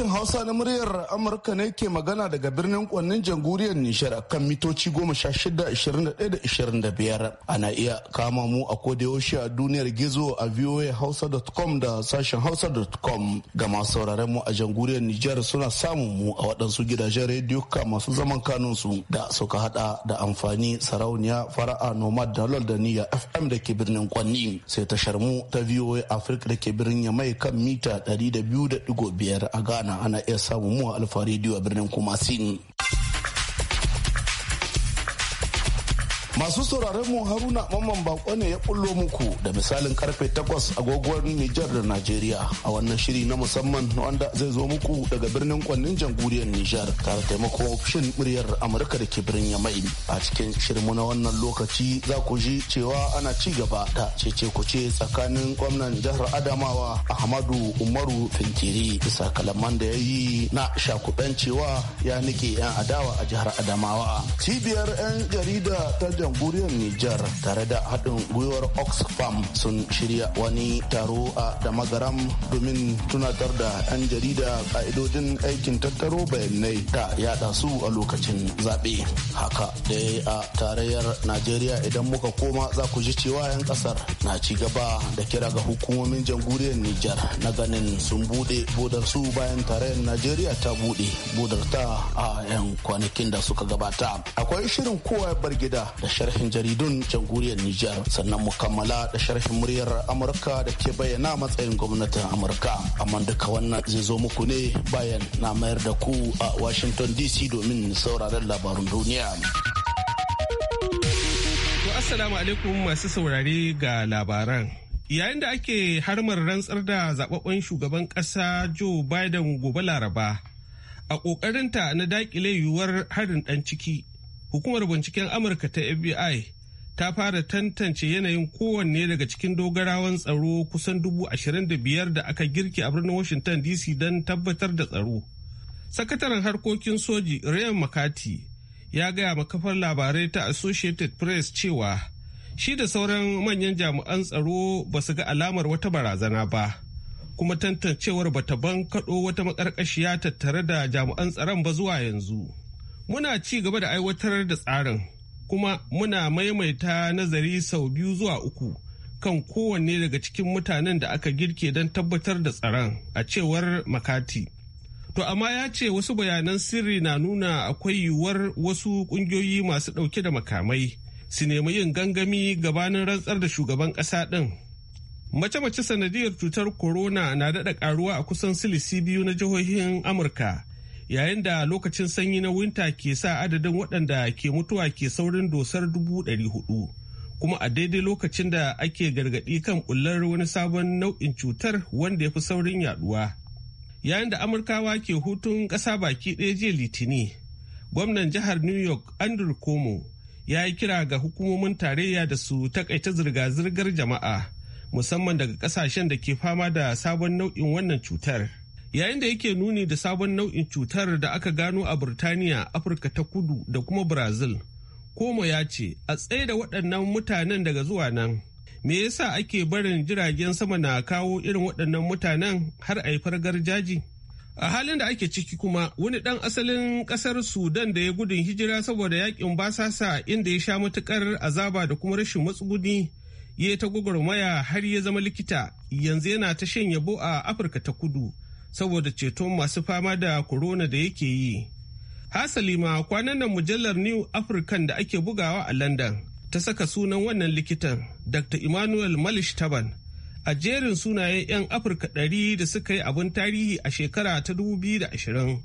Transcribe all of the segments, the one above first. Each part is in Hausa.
Sashen Hausa na muryar Amurka ne ke magana daga birnin kwannin jamhuriyar Nijar kan mitoci 16-21-25. Ana iya kama mu a kodayaushe a duniyar gizo a voahausa.com da sashen hausa.com ga masu mu a jamhuriyar Nijar suna samun mu a waɗansu gidajen rediyo masu zaman kanunsu da suka hada da amfani sarauniya fara'a nomad da da niyya FM da ke birnin kwanni sai tashar mu ta VOA Africa da ke birnin Yamai kan mita 200.5 a Ghana. ana iya samun mu a alfa rediyo a birnin kumasin. Masu sauraron mu Haruna Mamman Bako ne ya bullo muku da misalin karfe 8 agogon Nijar da Najeriya a wannan shiri na musamman wanda zai zo muku daga birnin kwannin jamhuriyar Nijar tare taimako ofishin muryar Amurka da ke birnin Yamai. A cikin shirmu na wannan lokaci za ku ji cewa ana ci gaba da cece kuce tsakanin gwamnan jihar Adamawa Ahmadu Umaru Finkiri bisa kalaman da ya yi na shakudan cewa ya nike 'yan adawa a jihar Adamawa. Cibiyar 'yan jarida ta jamhuriyar Nijar tare da haɗin gwiwar Oxfam sun shirya wani taro a Damagaram domin tunatar da 'yan jarida ka'idodin aikin tattaro bayanai ta yada su a lokacin zaɓe. Haka da yi a tarayyar Najeriya idan muka koma za ku ji cewa 'yan ƙasar na ci gaba da kira ga hukumomin jamhuriyar Nijar na ganin sun buɗe bodar su bayan tarayyar Najeriya ta buɗe bodar ta a 'yan kwanakin da suka gabata. Akwai shirin kowa ya bar gida da sharhin jaridun jamhuriyar Nijar sannan mu kammala da sharhin muryar Amurka da ke bayyana matsayin gwamnatin Amurka amma duka wannan zai zo muku ne bayan na mayar da ku a Washington DC domin sauraron labarun duniya. Assalamu alaikum masu saurare ga labaran. Yayin da ake harmar rantsar da zababben shugaban ƙasa Joe Biden gobe Laraba, a ƙoƙarinta na daƙile yiwuwar harin ɗan ciki hukumar binciken amurka ta fbi ta fara tantance yanayin kowanne daga cikin dogarawan tsaro kusan dubu ashirin da biyar da aka girki a birnin washington dc don tabbatar da tsaro sakataren harkokin soji Rayon makati ya gaya ma kafar labarai ta associated press cewa shi da sauran manyan jami'an tsaro ba su ga alamar wata barazana ba kuma tantancewar ba ta ban kaɗo wata maƙarƙashiya tattare da jami'an tsaron ba zuwa yanzu. Muna ci gaba da aiwatar da tsarin kuma muna maimaita nazari sau biyu zuwa uku kan kowanne daga cikin mutanen da aka girke don tabbatar da tsaron a cewar Makati. To amma ya ce wasu bayanan sirri na nuna akwai yiwuwar wasu kungiyoyi masu ɗauke da makamai su nemi yin gangami gabanin rantsar da shugaban ƙasa ɗin. Mace-mace sanadiyar cutar corona na daɗa ƙaruwa a kusan silisi biyu na jihohin Amurka yayin da lokacin sanyi na winta ke sa adadin waɗanda ke mutuwa ke saurin dosar dubu ɗari hudu kuma a daidai lokacin da ake gargaɗi kan ɓullar wani sabon nau'in cutar wanda ya fi saurin yaɗuwa. yayin da amurkawa ke hutun ƙasa baki ɗaya jiya litini gwamnan jihar new york andrew komo ya yi kira ga hukumomin tarayya da su takaita zirga-zirgar jama'a musamman daga ƙasashen da ke fama da sabon nau'in wannan cutar. yayin da yake nuni da sabon nau'in cutar da aka gano a Burtaniya, Afirka ta kudu da kuma Brazil. Komo ya ce, a tsaye da waɗannan mutanen daga zuwa nan, me yasa ake barin jiragen sama na kawo irin waɗannan mutanen har a yi fargar jaji? A halin da ake ciki kuma wani ɗan asalin ƙasar Sudan da ya gudun hijira saboda yakin basasa inda ya sha matuƙar azaba da kuma rashin matsuguni ya ta gwagwarmaya har ya zama likita yanzu yana ta shan yabo a Afirka ta kudu. saboda ceto masu fama da corona da yake yi. Hasali ma kwanan nan mujallar New African da ake bugawa a London ta saka sunan wannan likitan Dr. Emmanuel Malish Taban a jerin sunaye 'yan Afirka ɗari da suka yi abin tarihi a shekara ta 2020.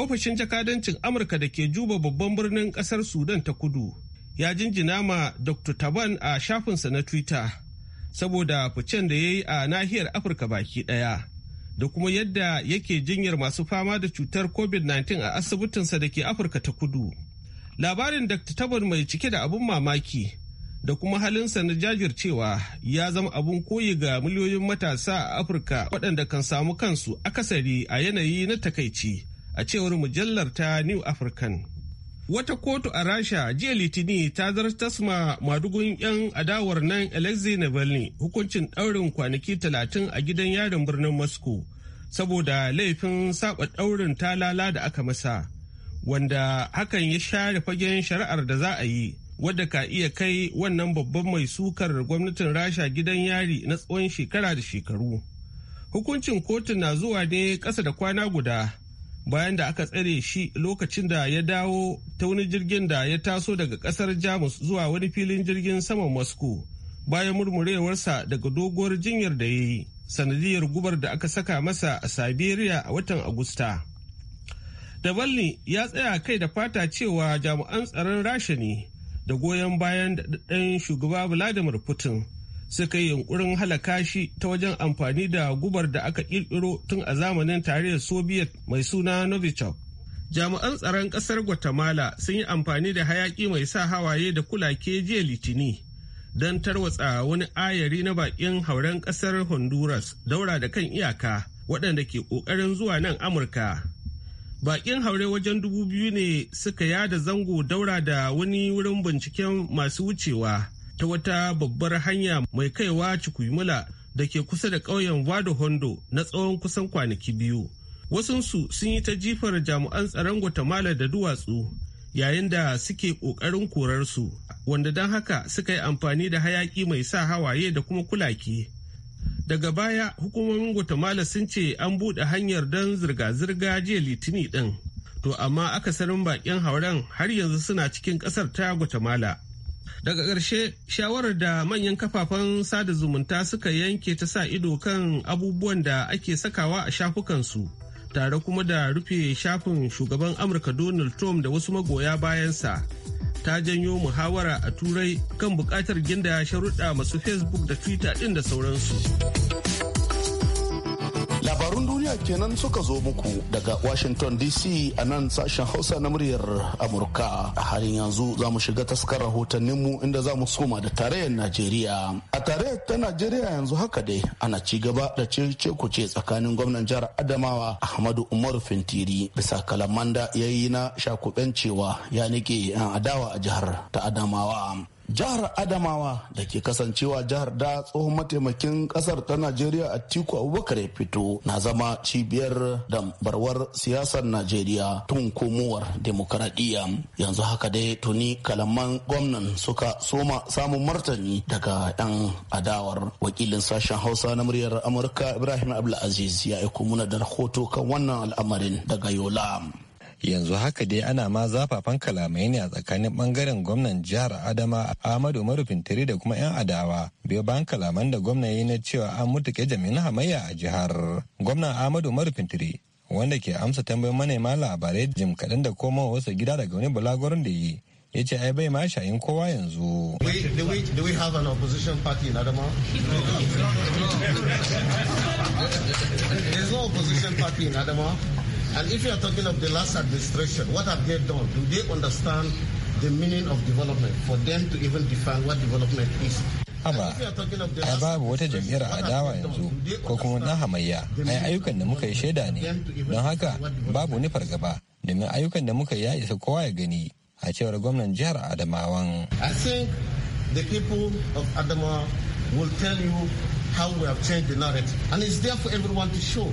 Ofishin jakadancin Amurka da ke juba babban birnin ƙasar Sudan ta kudu ya jinjina ma Dr. Taban a shafinsa na Twitter saboda ficen da ya yi a nahiyar Afirka baki ɗaya. da kuma yadda yake jinyar masu fama da cutar covid-19 a asibitinsa da ke afirka ta kudu labarin dr tabar mai cike da abun mamaki da kuma halinsa na jajircewa ya zama abun koyi ga miliyoyin matasa a afirka waɗanda kan samu kansu akasari a yanayi na takaici a cewar mujallar ta new african Wata kotu a Rasha jiya Litini ta zartasma madugun 'yan adawar nan Alexei Navalny hukuncin ɗaurin kwanaki talatin a gidan yarin birnin Moscow saboda laifin saba ɗaurin talala da aka masa, wanda hakan ya share fagen shari'ar da za a yi, wadda ka iya kai wannan babban mai sukar gwamnatin Rasha gidan yari na tsawon shekara da shekaru. Hukuncin kotu na zuwa ne ƙasa da kwana guda. bayan da aka tsare shi lokacin da ya dawo ta wani jirgin da ya taso daga kasar jamus zuwa wani filin jirgin saman moscow bayan murmurewarsa daga doguwar jinyar da ya yi sanadiyar gubar da aka saka masa a siberia a watan agusta davalny ya tsaya kai da fata cewa jami'an tsaron rasha ne da goyon bayan daɗaɗɗen shugaba vladimir putin suka yi yunkurin halaka shi ta wajen amfani da gubar da aka kirkiro tun a zamanin tarayyar soviet mai suna novichok jami'an tsaron kasar guatemala sun yi amfani da hayaki mai sa hawaye da kulake jiya litini don tarwatsa wani ayari na bakin hauren kasar honduras daura da kan iyaka waɗanda ke ƙoƙarin zuwa nan amurka bakin haure wajen dubu biyu ne suka yada zango daura da wani wurin binciken masu wucewa ta wata babbar hanya mai kaiwa Chukwumula da ke kusa da ƙauyen wado Hondo na tsawon kusan kwanaki biyu. Wasunsu sun yi ta jifar jami'an tsaron Guatemala da duwatsu yayin da suke ƙoƙarin korarsu, wanda don haka suka yi amfani da hayaƙi mai sa hawaye da kuma kulaki. Daga baya hukumomin Guatemala sun ce an buɗe hanyar don zirga-zirga jiya litini ɗin. To amma akasarin baƙin hauren har yanzu suna cikin ƙasar ta Guatemala. Daga ƙarshe shawarar da manyan kafafen sada zumunta suka yanke ta sa ido kan abubuwan da ake sakawa a shafukansu tare kuma da rufe shafin shugaban Amurka Donald Trump da wasu magoya bayansa ta janyo muhawara a turai kan buƙatar ginda sharuɗa masu Facebook da Twitter ɗin da sauransu. labarun duniya kenan suka zo muku daga washington dc a nan sashen hausa na muryar amurka a halin yanzu za mu shiga taskar rahotanninmu inda za mu soma da tarayyar najeriya a tarayyar ta najeriya yanzu haka dai ana ci gaba da cece kuce tsakanin gwamnan jihar adamawa ahmadu umaru fintiri bisa kalamanda ya yi na shakuben cewa ya nike yan adawa a jihar ta adamawa jihar adamawa da ke kasancewa jihar da tsohon mataimakin kasar ta najeriya a tiku abubakar ya fito na zama cibiyar barwar siyasar najeriya tun komowar demokaradiyya yanzu haka dai tuni kalaman gwamnan suka soma samun martani daga yan adawar wakilin sashen hausa na muryar amurka ibrahim abdulaziz ya aiko muna da rahoto kan wannan al'amarin daga yola yanzu haka dai ana ma zafafan kalamai ne a tsakanin bangaren gwamnan jihar adama ahmadu marufin tare da kuma 'yan adawa biyo bayan kalaman da gwamnan yi na cewa an mutuke jami'in hamayya a jihar gwamnan ahmadu marufin tare wanda ke amsa tambayin manema labarai jim kaɗan da koma wasu gida daga wani bulagorin da yi ya ce ai bai ma shayin kowa yanzu. Do we have opposition party in Adama. And if you are talking of the last administration, what have they done? Do they understand the meaning of development for them to even define what development is? haba ai babu wata jam'iyyar adawa yanzu ko kuma na hamayya ai ayyukan da muka yi shaida ne don haka babu nufar fargaba domin ayyukan da muka ya isa kowa ya gani a cewar gwamnan jihar adamawan i think the people of adamawa will tell you how we have changed the narrative and it's there for everyone to show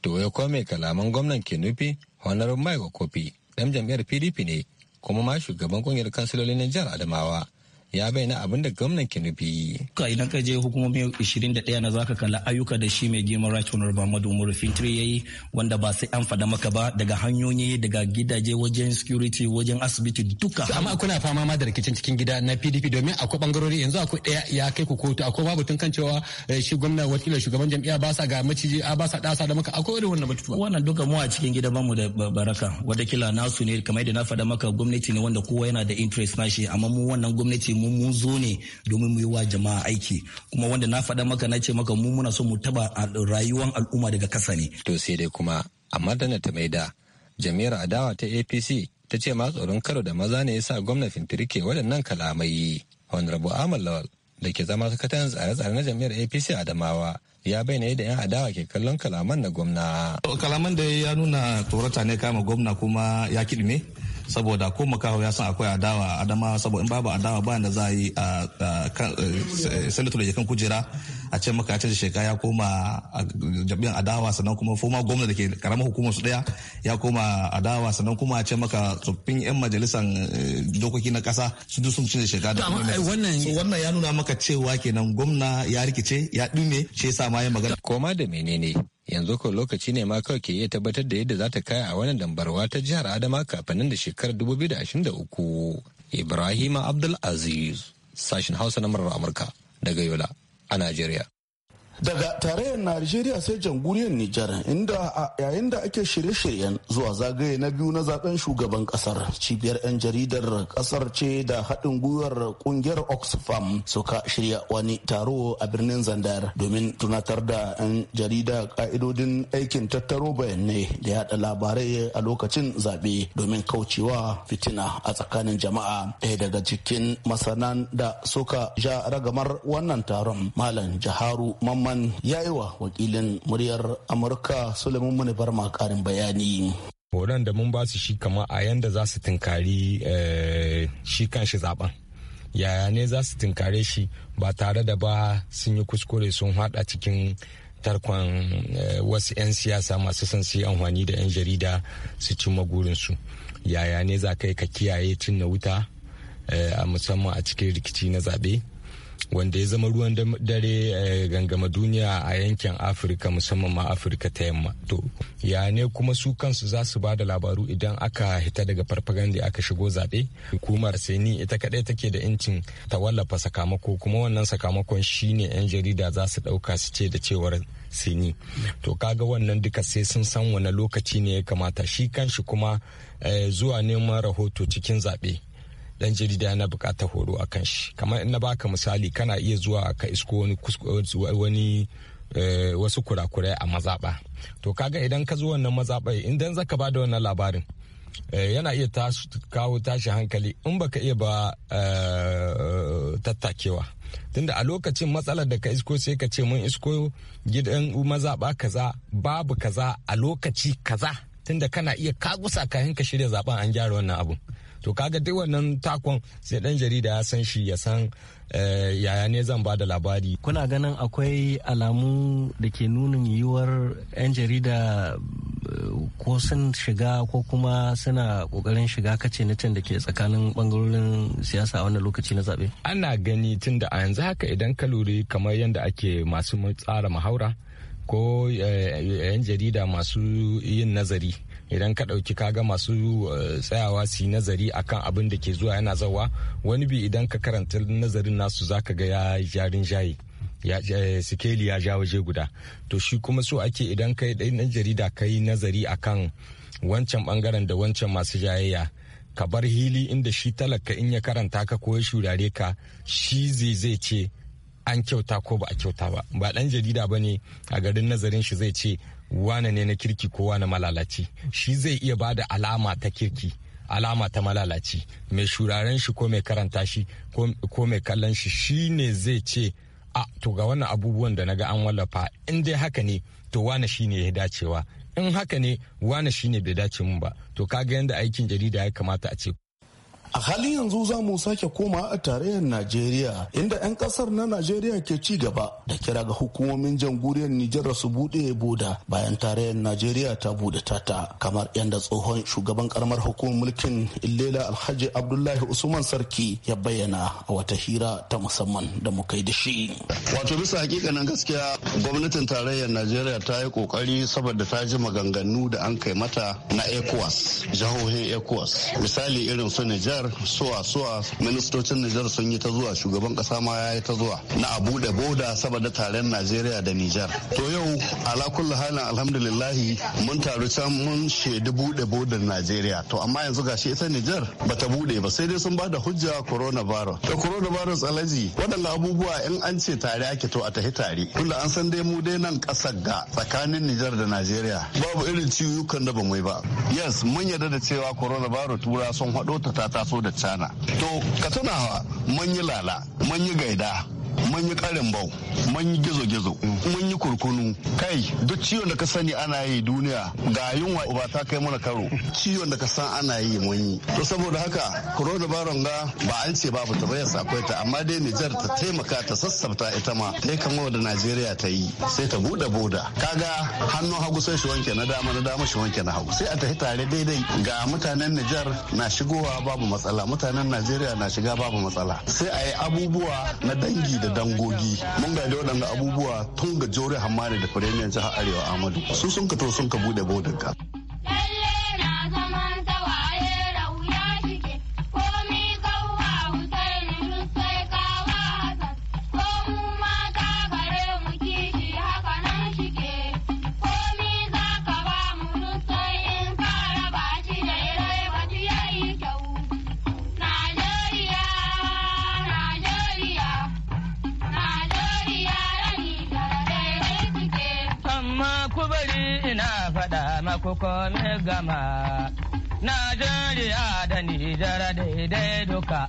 To ya kome kalaman gwamnan ke nufi honarin Mike Okofi ɗan jam'iyyar PDP ne kuma ma shugaban kungiyar kansilolin jihar Adamawa ya bayyana abin da gwamnan ke nufi. Ka idan ka je hukumomi 21 na zaka kalla ayyuka da shi mai girman right honorable Muhammadu Umaru Fintiri yi wanda ba sai an faɗa maka ba daga hanyoyi daga gidaje wajen security wajen asibiti duka. Amma kuna fama ma da rikicin cikin gida na PDP domin akwai bangarori yanzu akwai ɗaya ya kai ku kotu akwai ma tun kan cewa eh, shi gwamna wakila shugaban jam'iyya ba sa ga maciji ba sa ɗasa da maka akwai irin wannan batutuwa. Wannan duka mu a cikin gida bamu da baraka wadakila nasu ne kamar yadda na faɗa maka gwamnati ne wanda kowa yana da interest nashi amma mu wannan gwamnati mu mun zo ne domin mu yi wa jama'a aiki kuma wanda na faɗa maka na ce maka mu muna so mu taba rayuwar al'umma daga kasa ne. To sai dai kuma a madana ta maida jami'ar adawa ta APC ta ce ma tsoron karo da maza ne ya sa gwamnatin tirke waɗannan kalamai. rabu Amal Lawal da ke zama sakataren tsare-tsare na jami'ar APC Adamawa ya bayyana yadda 'yan adawa ke kallon kalaman na gwamna. Kalaman da ya nuna tsorata ne kama gwamna kuma ya kiɗime. saboda ko makaho ya san akwai adawa adama saboda in babu adawa ba da za a yi a eh, eh, senator da kan kujera a ce maka canza shekara ya koma jabiyan adawa sannan kuma foma gwamna da ke karamar hukumar su daya ya koma adawa sannan kuma a ce maka tsoffin yan majalisan eh, dokoki na kasa su duk sun canza shekara da wannan wannan ya nuna maka cewa kenan gwamna ya rikice ya dume shi yasa ma ya magana koma da menene yanzu ko lokaci ne ma kawai ke iya tabbatar da yadda za ta kaya a wannan dambarwa ta jihar adama kafin da shekarar 2023 ibrahima abdulaziz sashen hausa na murar amurka daga yola a najeriya daga tarayyar najeriya sai jamhuriyar nijar inda yayin da ake shirye-shiryen zuwa zagaye na biyu na zaben shugaban kasar cibiyar 'yan jaridar kasar ce da haɗin gwiwar kungiyar oxfam suka shirya wani taro a birnin zandar domin tunatar da 'yan jarida ka'idodin aikin tattaro bayanai da yada labarai a lokacin zaɓe domin kaucewa fitina a tsakanin jama'a ɗaya daga cikin masanan da suka ja ragamar wannan taron malam jaharu mamman Barman ya yi wa wakilin muryar Amurka Suleiman Muni Barma karin bayani. Horon da mun ba su shi kama a yanda za su tunkari eh, shi shi zaben. Yaya ne za su tunkare shi ba tare da ba sun yi kuskure sun hada cikin tarkon eh, wasu 'yan siyasa masu son su yi amfani da 'yan jarida su ci magurinsu. Yaya ne za kai ka kiyaye cin na wuta eh, a musamman a cikin rikici na zaɓe. wanda ya zama ruwan dare eh, gangama duniya a yankin afirka musamman ma afirka ta yamma to ya ne kuma su kansu za su ba da labaru idan aka hita daga farfaganda aka shigo zaɓe hukumar seni ita kaɗai take da incin ta wallafa sakamako kuma wannan sakamakon shine 'yan jarida za su ɗauka su ce da cewar sini to kaga wannan duka sai sun san wani lokaci ne ya kamata shi kanshi kuma eh, zuwa neman rahoto cikin zaɓe dan jarida yana bukatar horo a kan shi kamar in na baka misali kana iya zuwa ka isko wani wani eh, wasu kurakurai a mazaɓa to kaga idan ka zo wannan mazaɓa idan zaka bada da wannan labarin eh, yana iya kawo tashi hankali in baka iya ba eh, tattakewa tunda a lokacin matsalar da ka isko sai ka ce mun isko gidan mazaɓa kaza babu kaza a lokaci kaza tunda kana iya kagusa kayan ka shirya zaben an gyara wannan abu to kaga duk wannan takon sai dan jarida ya san shi ya san eh, yaya ne zan ba da labari kuna ganin akwai alamu da ke nunin yiwuwar 'yan jarida eh, ko sun shiga ko kuma suna kokarin shiga kace na can da ke tsakanin bangarorin siyasa a wannan lokaci na zaɓe. ana gani tun da a yanzu haka idan ka lura kamar yadda ake masu tsara mahaura ko 'yan eh, jarida masu yin nazari idan ka ɗauki kaga masu eh, tsayawa su yi nazari akan abin da ke zuwa yana zawa wani bi idan ka karanta nazarin nasu za ka ga ya jarin jaye ya eh, sikeli ya ja waje guda to shi kuma so ake idan yi ɗan jarida ka yi nazari akan wancan bangaren da wancan masu jayayya ka bar hili inda shi talaka in ya karanta ka ko ya shurare ka shi zai zai ce an kyauta ko ba a kyauta ba ba ɗan jarida ba ne a garin nazarin shi zai ce wane ne na kirki ko wane malalaci shi zai iya ba da alama ta kirki alama ta malalaci mai shuraren shi ko mai karanta shi ko mai kallon shi shi ne zai ce a to ga wannan abubuwan da naga an wallafa in dai haka ne to wane shi ne ya dacewa in haka ne wane shi ne bai dace mun ba to kaga yadda aikin jarida ya kamata a ce a halin yanzu za mu sake koma a tarayyar najeriya inda 'yan kasar na najeriya ke ci gaba da kira ga hukumomin jamhuriyar nijar su bude boda bayan tarayyar najeriya ta bude tata kamar yadda tsohon shugaban karamar hukumar mulkin illela alhaji abdullahi usman sarki ya bayyana a wata hira ta musamman da muka yi da shi wato bisa hakikanin gaskiya gwamnatin tarayyar najeriya ta yi kokari saboda ta ji maganganu da an kai mata na ecowas jihohin ecowas misali irin su nijar jihar suwa suwa ministocin Nijar sun yi ta zuwa shugaban kasa ma ya yi ta zuwa na a bude boda saboda taron Najeriya da Nijar. To yau ala kullu halin alhamdulillahi mun taru can mun shaidu bude bodar Najeriya. To amma yanzu gashi ita Nijar bata bude ba sai dai sun bada hujja coronavirus. Da coronavirus alaji waɗannan abubuwa in an ce tare ake to a tahi tare. Tunda an san dai mu dai nan ƙasar ga tsakanin Nijar da Najeriya babu irin ciwukan da ba mu yi ba. Yes mun yarda da cewa coronavirus tura sun haɗo ta ta taso da cana to ka tunawa mun yi lala mun yi gaida mun yi karin bau mun yi gizo-gizo mun yi kurkunu kai duk ciwon da ka sani ana yi duniya ga yunwa ba ta kai mana karo ciwon da ka san ana yi mun yi to saboda haka baron ga ba an ce babu ta bayar sakwai ta amma dai Nijar ta taimaka ta sassabta ita ma dai kamar da Najeriya ta yi sai ta bude boda kaga hannun hagu sai shi wanke na dama na dama shi wanke na hagu sai a tafi tare daidai ga mutanen Nijar na shigowa babu matsala mutanen Najeriya na shiga babu matsala sai a yi abubuwa na dangi da dangogi mun gaji waɗanda abubuwa tun ga jori hamada da firemiyar jihar arewa amadu su sun ka to sun ka bude bodinka gama na gama Najeriya da Nijar daidai duka.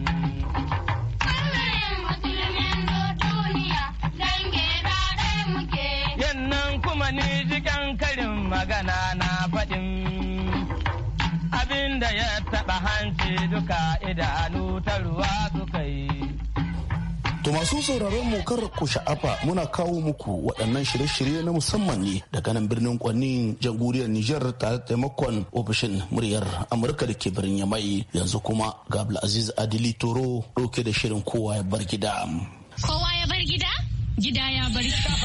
Mai jikan karin magana na faɗin abinda da ya taɓa hanci duka idanu ta ruwa suka yi. To masu sauraron mu kar ku sha'afa muna kawo muku waɗannan shirye-shirye na musamman ne daga nan birnin kwanni jamhuriyar Nijar tare da taimakon ofishin muryar Amurka da ke birnin Yamai yanzu kuma ga Aziz Adili Toro ɗauke da shirin kowa ya bar gida. Kowa gida ya bari. Kasa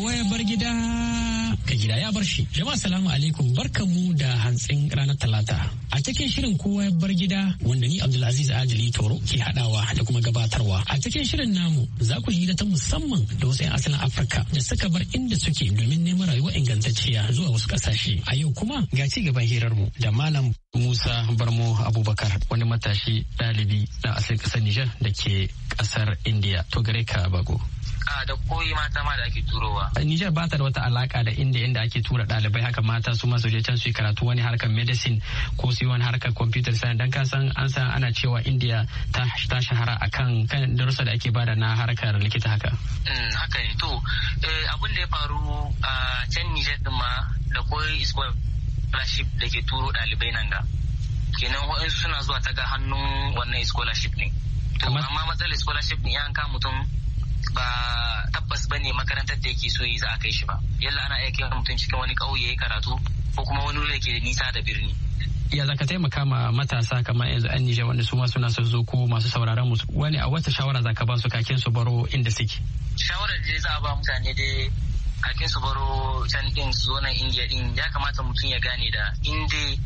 awa bar gida ga gida ya bar shi. Jama'a salamu alaikum barkanmu da hantsin ranar talata. A cikin shirin kowa ya bar gida wanda ni Abdulaziz Adali Toro ke hadawa da kuma gabatarwa. A cikin shirin namu za ku ji ta musamman da wasu 'yan asalin Afirka da suka bar inda suke domin neman rayuwa ingantacciya zuwa wasu kasashe. A yau kuma ga ci gaban hirarmu da Malam Musa Barmo Abubakar wani matashi ɗalibi na asalin ƙasar Nijar da ke ƙasar india To gare ka bago. alaka da koyi mata ma da ake turowa. Nijar ba ta da wata alaka da inda inda ake tura ɗalibai haka mata su ma je can su yi karatu wani harkar medicine ko su yi wani harkar computer science dan kasan an san ana cewa India ta ta shahara akan kan darussa da ake bada na harkar likita haka. Mm, haka ne to eh, abin da ya faru a can Nijar din ma da koyi scholarship da ke turo ɗalibai nan da. kenan waɗansu suna zuwa ta ga hannun wannan scholarship ne. amma matsalar scholarship ne an ka mutum ba tabbas ne makarantar da yake so yi za a kai shi ba yalla ana aiki wa mutum cikin wani ƙauye ya karatu ko kuma wani wuri ke da nisa da birni ya za ka taimaka ma matasa kamar yanzu an Nijar wanda su masu suna zo ko masu sauraron musu wani a wata shawara za ka ba su kakin su baro inda suke shawarar da za a ba mutane dai kakin su baro can din su zo nan indiya din ya kamata mutum ya gane da inda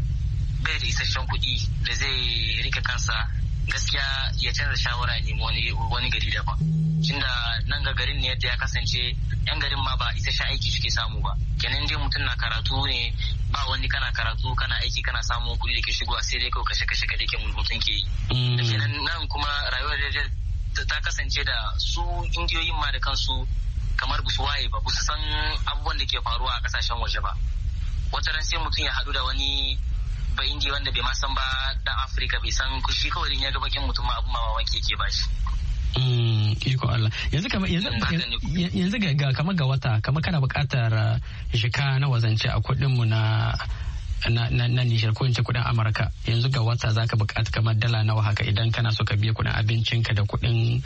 bai da isasshen kuɗi da zai rike kansa gaskiya ya canza shawara ne wani wani gari daban tunda nan ga garin ne yadda ya kasance yan garin ma ba sha aiki suke samu ba kenan dai mutum na karatu ne ba wani kana karatu kana aiki kana samu kuɗi da ke shigowa sai dai kawai kashe kashe kaɗai ke mutum ke yi mm. kenan nan kuma rayuwar ta kasance da su indiyoyin ma da kansu kamar busu waye ba busu san abubuwan da ke faruwa a kasashen waje ba wata ran sai mutum ya haɗu da wani ba inji wanda bai ma san ba dan afirka bai san kushi kawai ya ga bakin mutum ma abun mamaki yake ba shi mm, iko Allah yanzu kama yanzu ga kama ga wata kama kana buƙatar uh, shika na wazance a kuɗin mu na na na nishar ko ince kuɗin Amurka yanzu ga wata zaka buƙata kamar dala nawa haka idan kana so ka biya kuɗin abincinka da kuɗin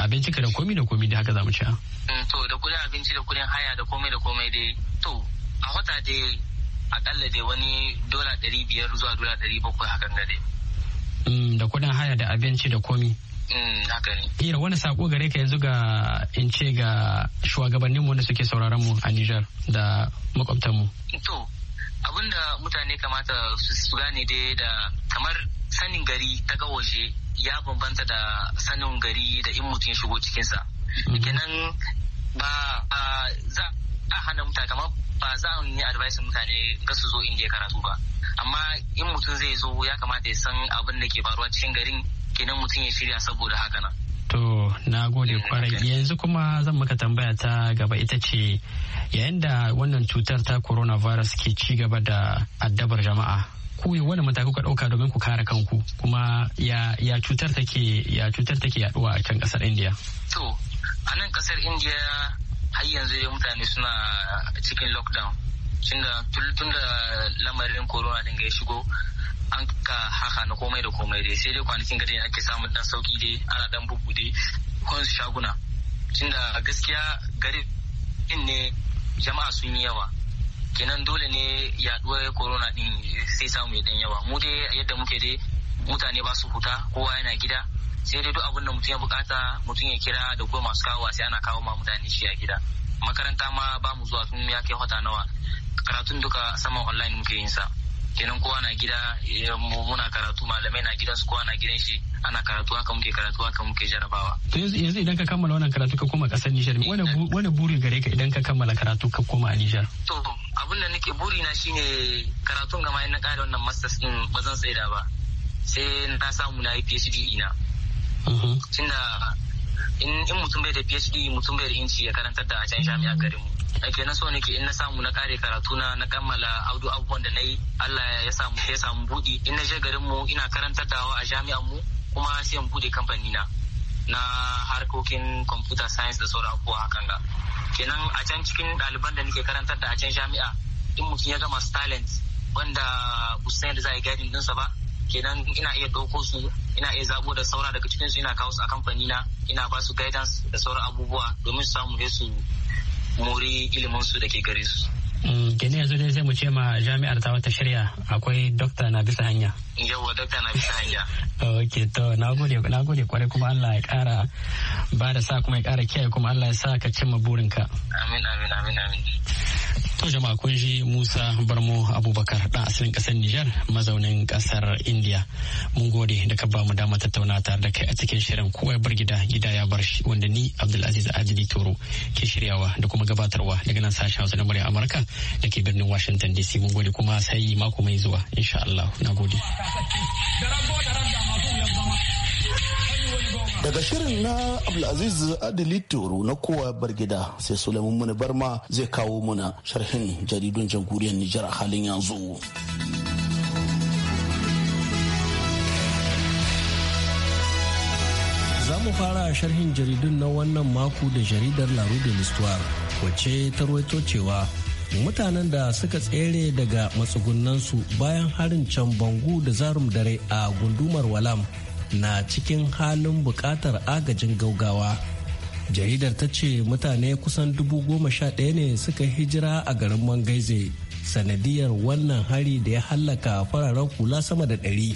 abincinka da komi da komi da haka zamu ci mm, to da kudin abinci da kudin haya da komai da komai dai to a wata dai akalla dai wani dola ɗari biyar zuwa dola ɗari bakwai hakan na dai. Mm, da kuɗin haya da abinci da komi. Mm, haka ne. Hira wani sako gare ka yanzu ga in ce ga shugabannin mu wanda suke sauraron mu a Nijar da makwabtan mu. To abin da mutane kamata su gane dai da kamar sanin gari ta gawaje ya bambanta da sanin gari da in mutum ya shigo cikinsa. Mm. Kenan ba za a hana mutane kamar ba za mu yi advice mutane ga su zo inda ya karatu ba amma in mutum zai zo ya kamata ya san abin da ke faruwa cikin garin kenan mutum ya shirya saboda haka nan To, na gode eh, kwarai. Yanzu kuma zan maka tambaya ta gaba ita ce, yayin da wannan cutar ta coronavirus ke ci gaba da addabar jama'a, ku wani mataki kuka ɗauka domin ku kare kanku kuma ya, ya cutar take ya cutar take yaduwa a can kasar India? To, a nan kasar India har yanzu yi mutane suna cikin lockdown tunda tun da lamarin corona din ya shigo an ka haka na komai da komai dai sai dai kwanakin gari ake samun dan sauki dai ana dan bubude kun shaguna tunda gaskiya gari din ne jama'a sun yi yawa kenan dole ne yaduwar corona din sai samu ya dan yawa mu dai yadda muke dai mutane ba su huta kowa yana gida sai dai duk abin da mutum ya bukata mutum ya kira da kuma masu kawo sai ana kawo ma mutane shi a gida makaranta ma ba mu zuwa tun ya kai wata nawa karatun duka saman online muke yin sa kenan kowa na gida eh, muna karatu malamai na gidansu kowa na gidan shi ana karatu haka muke karatu haka muke jarabawa. To yanzu yanzu idan ka kammala wannan karatu ka koma kasar Nijar wani buri gare ka idan ka kammala karatu ka koma a Nijar. To abin da nake buri na shine karatun gama na kare wannan masters din bazan zan tsaida ba sai na samu na yi PhD ina. tunda in mutum bai da PhD mutum bai da inci ya karantar da a can jami'a garin mu a na so nake in na samu na kare karatu na na kammala audu abubuwan da na yi Allah ya samu ya samu budi in na je garin mu ina karantar da a jami'an mu kuma sai in bude kamfani na na harkokin computer science da sauran abubuwa hakan ga kenan a can cikin ɗaliban da nake karantar da a can jami'a in mutum ya gama talent wanda Hussein da za a yi gadin ɗinsa ba kenan ina iya ɗauko su ina iya zabo da saura daga cikin su ina kawo su a kamfani na ina ba su guidance da sauran abubuwa domin su samu su mori ilimin su da ke gare su. Mm, kenan yanzu dai sai mu ce ma jami'ar ta wata shirya akwai dokta na bisa hanya. Yawwa dokta na bisa hanya. ok to na gode na gode kwarai kuma Allah ya kara ba da sa kuma ya kara kiyaye kuma Allah ya sa ka cimma burinka. Amin amin amin amin. To jama'a kun shi Musa Barmo Abubakar dan asalin ƙasar Nijar mazaunin kasar India. Mun gode da ka ba mu dama tattauna tare da kai a cikin shirin kowa ya bar gida gida ya bar shi wanda ni Abdulaziz Adili Toro ke shiryawa da kuma gabatarwa daga nan sashen Hausa na murya Amurka da ke birnin Washington DC. Mun gode kuma sai mako mai zuwa insha Allah. Na gode. Daga shirin na Abdulaziz Adili Toro na kowa bar gida sai Sulaiman Muni Barma zai kawo muna sharhin jaridun jamhuriyar Nijar a halin yanzu. Za mu fara sharhin jaridun na wannan mako da jaridar Laru de Listuwar wacce ta cewa mutanen da suka tsere daga matsugunansu bayan harin can bangu da zarum dare a gundumar Walam na cikin halin buƙatar agajin gaugawa jaridar ta ce mutane kusan dubu goma sha ɗaya ne suka hijira a garin mangaize sanadiyar wannan hari da ya hallaka fararen kula sama da ɗari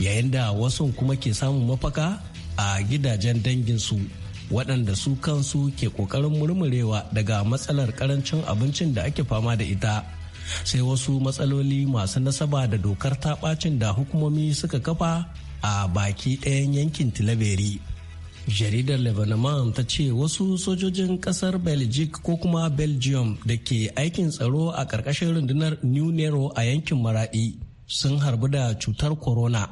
yayin da wasu kuma ke samun mafaka a gidajen danginsu waɗanda su kansu ke ƙoƙarin murmurewa daga matsalar ƙarancin abincin da ake fama da ita sai wasu matsaloli masu nasaba da dokar taɓacin da hukumomi suka kafa a baki ɗayan yankin tilaberi jaridar lebanon ta ce wasu sojojin kasar belgic ko kuma belgium da ke aikin tsaro a ƙarƙashin rundunar new nero a yankin maradi sun harbi da cutar corona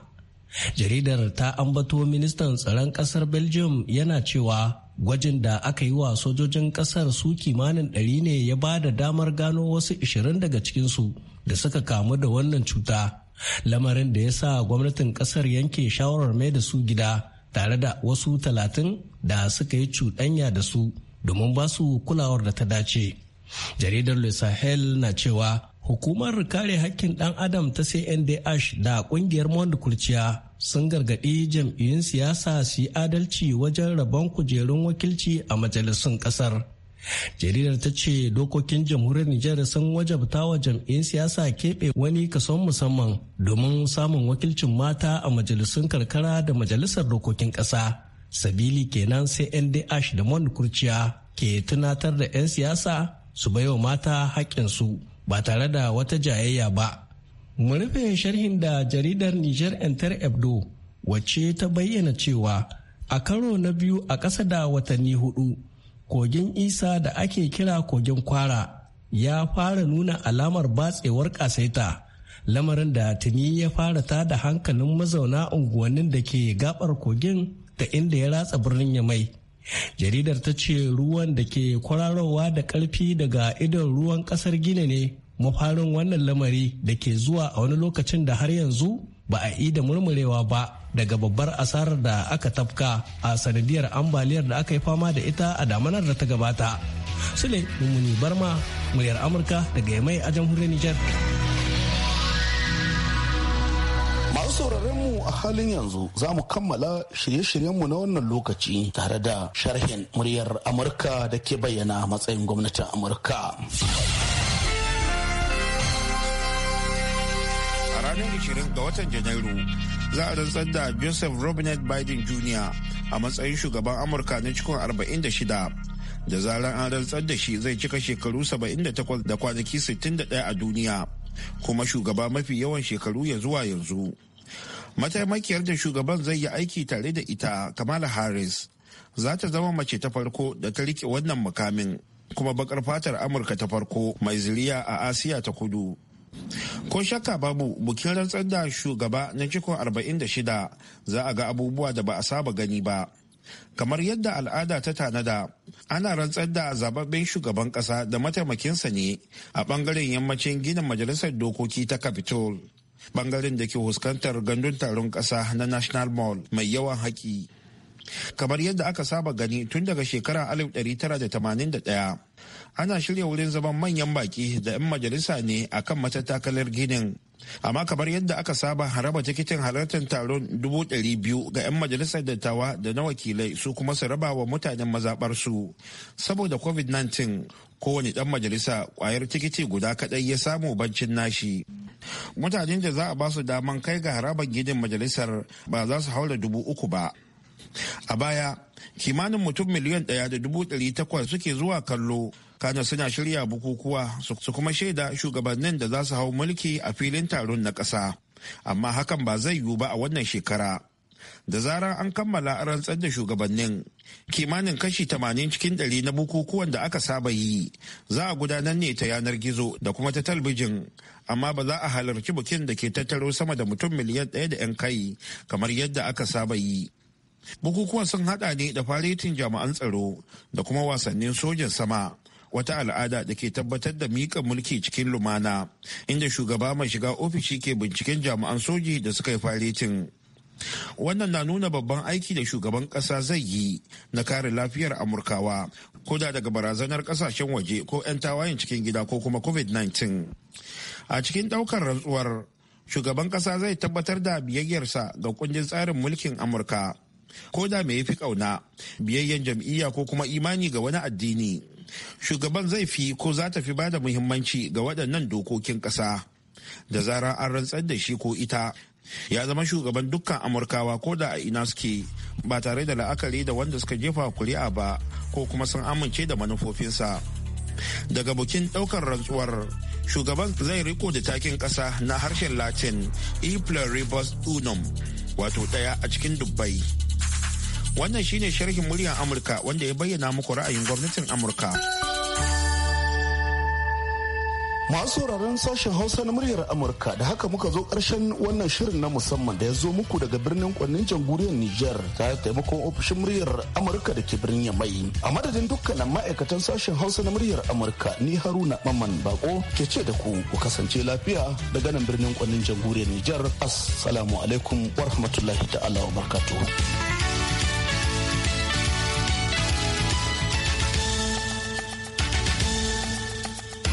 jaridar ta ambato ministan tsaron kasar belgium yana cewa gwajin da aka yi wa sojojin kasar su kimanin ɗari ne ya ba da damar gano wasu 20 daga cikinsu da suka kamu da wannan cuta lamarin da ya sa gwamnatin kasar yanke shawarar mai da su gida tare da wasu talatin da suka yi cuɗanya da su domin ba su kulawar da ta dace jaridar le na cewa hukumar kare hakkin ɗan adam ta cndh da ƙungiyar mond kurciya sun gargaɗi jam'iyyun siyasa su yi adalci wajen rabon kujerun wakilci a majalisun ƙasar jaridar ta ce dokokin jamhuriyar nijar sun wajabta wa jam'in siyasa keɓe wani kason musamman domin samun wakilcin mata a majalisun karkara da majalisar dokokin ƙasa sabili kenan sai ndh da mon kurciya ke tunatar da 'yan siyasa su baiwa mata haƙƙinsu ba tare da wata jayayya ba mu rufe sharhin da jaridar niger enter ebdo wacce ta bayyana cewa a karo na biyu a ƙasa da watanni hudu kogin isa da ake kira kogin kwara ya fara nuna alamar batsewar kasaita lamarin da tuni ya fara ta da hankalin mazauna unguwannin da ke gabar kogin da inda ya ratsa birnin yamai jaridar ta ce ruwan da ke kwararowa da karfi daga idon ruwan kasar gine ne mafarin wannan lamari da ke zuwa a wani lokacin da har yanzu ba a yi da murmurewa ba daga babbar asarar da aka tafka a sanadiyar ambaliyar da aka yi fama da ita a damanar da ta gabata. Sule Mummuni Barma, muryar Amurka daga Yamai a jamhuriyar Nijar. Masu sauraron mu a halin yanzu za mu kammala shirye-shiryenmu na wannan lokaci tare da sharhin muryar Amurka da ke bayyana matsayin gwamnatin Amurka. ranar 20 ga watan janairu za a rantsar da joseph robinet biden jr a matsayin shugaban amurka na cikin 46 da zarar an rantsar da shi zai cika shekaru 78 da kwanaki 61 a duniya kuma shugaba mafi yawan shekaru ya zuwa yanzu mataimakiyar da shugaban zai yi aiki tare da ita kamala harris za ta zama mace ta farko da ta rike wannan mukamin kuma bakar fatar amurka ta farko mai ziriya a asiya ta kudu Ko shakka babu bukin rantsar da shugaba na ciko 46 za a ga abubuwa da ba a saba gani ba. Kamar yadda al'ada ta tanada, ana rantsar da zababben shugaban kasa da mataimakinsa ne a bangaren yammacin ginin majalisar dokoki ta Capitol, bangaren da ke huskantar gandun taron kasa na National Mall mai yawan haƙi. kamar yadda aka saba gani tun daga shekara 1981 ana shirya wurin zaman manyan baki da 'yan majalisa ne a kan matattakalar ginin amma kamar yadda aka saba haraba tikitin halartar taron 200,000 ga 'yan majalisar dattawa da na wakilai su kuma su raba wa mutanen mazaɓarsu saboda covid-19 kowane ɗan majalisa kwayar tikiti guda kaɗai ya samu bancin nashi mutanen da za a ba su daman kai ga harabar gidan majalisar ba za su haura dubu uku ba a baya kimanin mutum miliyan ɗaya da dubu ɗari takwas suke zuwa kallo kana suna shirya bukukuwa su kuma shaida shugabannin da za su hau mulki a filin taron na ƙasa amma hakan ba zai yiwu ba a wannan shekara da zarar an kammala rantsar da shugabannin kimanin kashi tamanin cikin ɗari na bukukuwan da aka saba yi za a gudanar ne ta yanar gizo da kuma ta talbijin amma ba za a halarci bukin da ke tattaro sama da mutum miliyan ɗaya da 'yan kai kamar yadda aka saba yi bukukuwan sun hada ne da faretin jami'an tsaro da kuma wasannin sojan sama wata al'ada da ke tabbatar da miƙa mulki cikin lumana inda shugaba mai shiga ofishi ke binciken jami'an soji da suka yi faretin wannan na nuna babban aiki da shugaban ƙasa zai yi na kare lafiyar amurkawa ko da daga barazanar ƙasashen waje ko 'yan tawayen cikin gida ko kuma covid-19 a cikin ɗaukar rantsuwar shugaban ƙasa zai tabbatar da biyayyarsa ga kundin tsarin mulkin amurka ko da me ya fi ƙauna biyayyen jam'iyya ko kuma imani ga wani addini shugaban zai fi ko za ta fi ba da muhimmanci ga waɗannan dokokin ƙasa da zarar an rantsar da shi ko ita ya zama shugaban dukkan amurkawa ko da a ina suke ba tare da la'akari da wanda suka jefa kuri'a ba ko kuma sun amince da manufofinsa daga bukin ɗaukar rantsuwar shugaban zai riko da takin ƙasa na harshen latin e pluribus unum wato ɗaya a cikin dubbai Wannan shine sharhin muryar Amurka wanda ya bayyana muku ra'ayin gwamnatin Amurka. Masu sauraron sashen Hausa na muryar Amurka da haka muka zo karshen wannan shirin na musamman da ya zo muku daga birnin kwannin jamhuriyar niger ta taimakon ofishin muryar Amurka da ke birnin Yamai. A madadin dukkanin ma'aikatan sashen Hausa na muryar Amurka ni Haruna Maman Bako ke ce da ku ku kasance lafiya daga nan birnin kwannin jamhuriyar niger Assalamu alaikum wa rahmatullahi ta'ala wa barakatuhu.